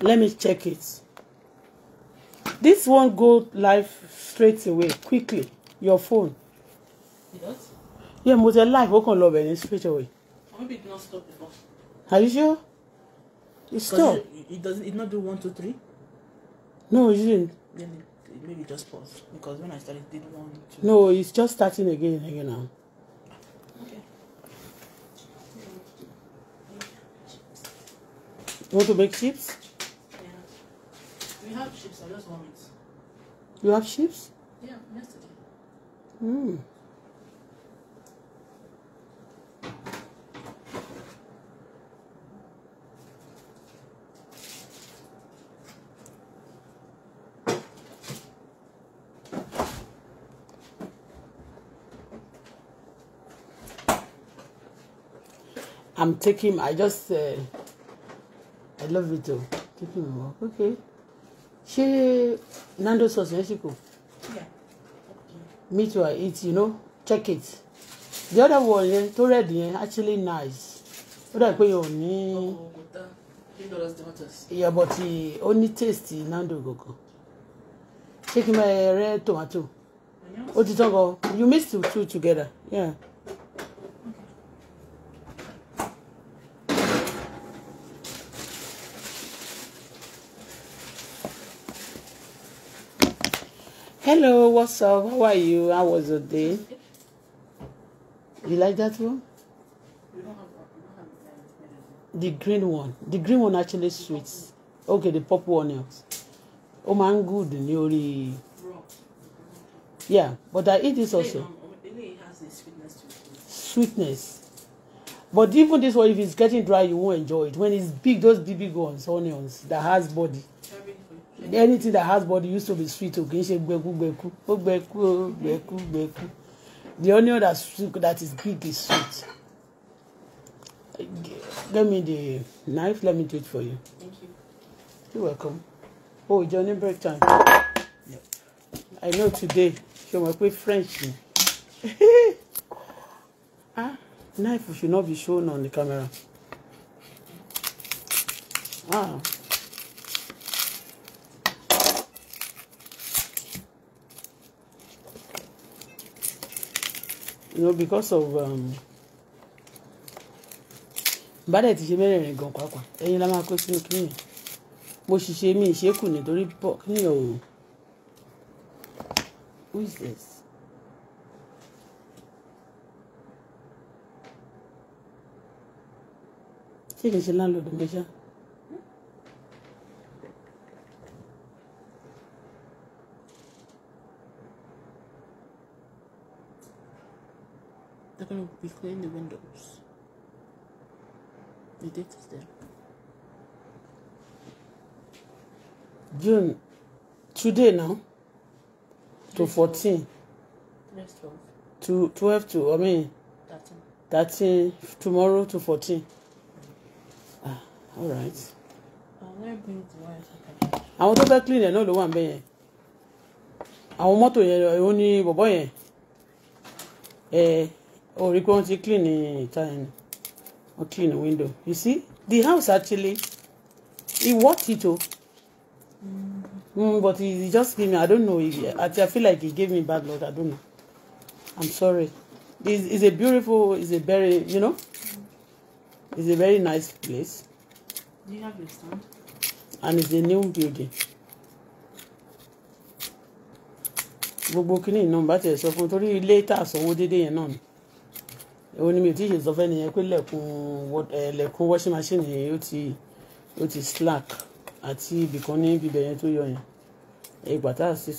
let me check it this won't go live straight away quickly your phone yes yeah mo tẹ live ó kàn lọ straight away maybe it not stop before are you sure it stop it, it doesn't it not do one two three no it didn't then it, it maybe just pause because when I started it did one two no it's just starting again again now. Okay. want to make chips? have sheep. I just want it. You have sheep? Yeah, yesterday. Hmm. I'm taking, I just, uh, I love it too. Taking walk, okay. ṣé nando sauce yẹn sì kù me too eat you know check it the other one yẹn tó rẹ̀dì yẹn actually nice ó dà pé yẹn ò ní ìyàbọ̀ tí ó ní taste nando gọ̀gàn ṣé kí n máa rẹ́ tomato ó ti tán gan you mix the two together. Yeah. Hello, what's up? How are you? How was your day? You like that one? The green one. The green one actually sweet. Okay, the purple onions. Oh man, good. Nearly. Yeah, but I eat this also. Sweetness. But even this one, if it's getting dry, you won't enjoy it. When it's big, those big, big ones, onions that has body anything that has body used to be sweet o kì í ṣe gbẹ̀kú gbẹ̀kú ó gbẹ̀kú ó gbẹ̀kú gbẹ̀kú the onion that soup that is big is sweet get me the knife let me do it for you thank you you're welcome oh johnny break time yeah. i know today ṣe mọ̀ pé french ni ah knife should not be shown on the camera ah. you know because of um, bá dẹ̀ ti ṣe mẹ́rẹ̀ẹ̀rin gan pàápàá ẹ̀yin la máa kó sínú kí nìyẹn mo sì ṣe mí ìṣekù nítorí pọ̀ kí nìyẹn o who is this. ṣé kìí ṣe láńlọ́ọ̀dù mi ṣáá. They're gonna be cleaning the windows. The date is there. June, today now, to 14. Today's 12. To 12 to, I mean, 13. 13, tomorrow to 14. Ah, all right. I'm gonna bring the wires. second. Àwọn tó fẹ́ clean ẹ̀ náà ló wà ń bẹ̀ yẹn. Àwọn mọ́tò Eh o you want to clean it, yẹn ni clean the window you see the house actually it worked it oh, mm, but he, just gave me I don't know if I feel like he gave me bad luck I don't know I'm sorry it's, it's a beautiful it's a very you know it's a very nice place. Do you have your stand? And it's a new building. gbogbo kínní náà bá tiẹ̀ so fún torí ilé tá a sanwó déédéé yẹn ni èwo ni mi ò tí ì ṣe sọ fẹ́ nìyẹn pé lẹ̀kùn washing machine yẹn ó ti slack àti ibìkan ní bíbẹ̀ yẹn tó yọ yẹn ìgbà tá a sì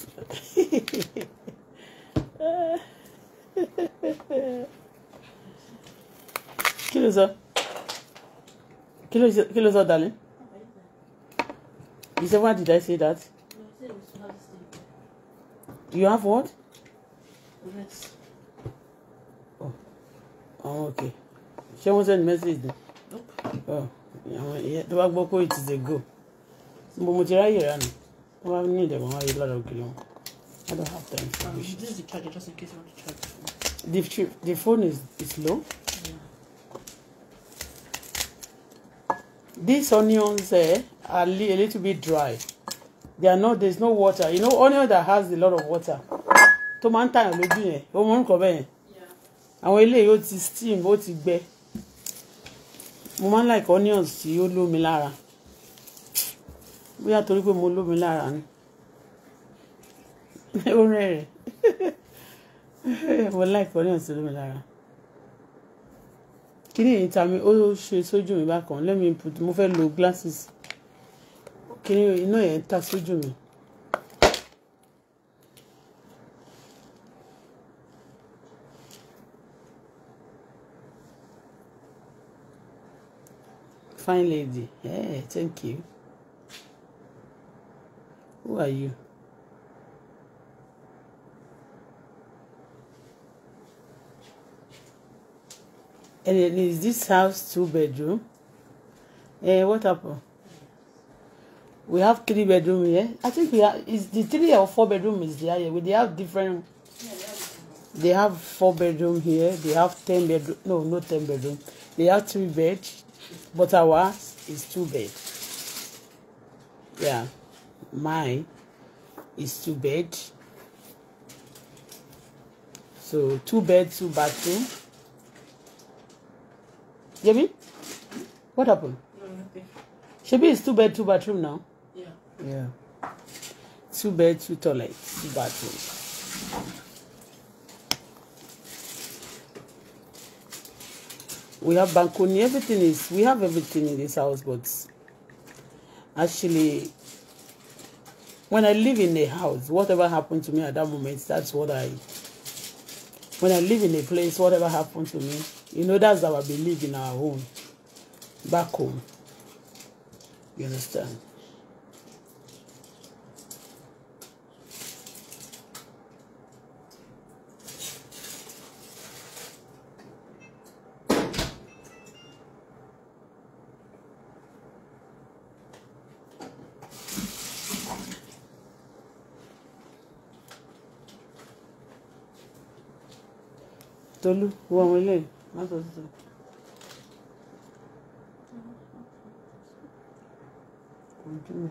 sọ kí ló sọ dalẹ̀ you say why did I say that you have what. Yes àwọn oh, òkè ṣé wọ́n send message ni oh, àwọn ìyẹn tó bá gbọ́ pé it is a go mo mo ti ráyè rà nù tó bá ní ìdẹ̀gbọ́n wáyé lára I don't have time for Um, this is the charger just in case you want to charge the The, phone is, is low. Yeah. These onions eh, are li a little bit dry. They are not, there's no water. You know, onion that has a lot of water. Tó máa ń tàyàn lójú yẹn, ó mọ̀ ń àwọn eléyìí ó ti steam ó ti gbẹ mo máa ń like onions tí ó lómi lára bóyá torí pé mo lómi lára ni ó rẹ̀rẹ̀ mo like onions tí ó lómi lára kí ni ìta mi ó ṣe sójú mi bákan let me put mo fẹ́ lo glasses kí ni iná yẹn ta sójú mi. Fine lady. Yeah, thank you. Who are you? And is this house two bedroom? Eh, what happened? We have three bedroom here. I think we have is the three or four bedroom is there here. We they have different. They have four bedroom here. They have ten bedroom. No, no ten bedroom. They have three beds but ours is two bed yeah mine is two bed so two bed two bathroom Jimmy what happened no, nothing. is two bed two bathroom now yeah yeah two bed two toilet two bathroom we have balcony everything is we have everything in this house but actually when I live in a house whatever happened to me at that moment that's what I when I live in a place whatever happened to me you know that's how I believe in our home back home you understand Tolú wọ ọmọ ilé má sọ sísọ. Ojú mi.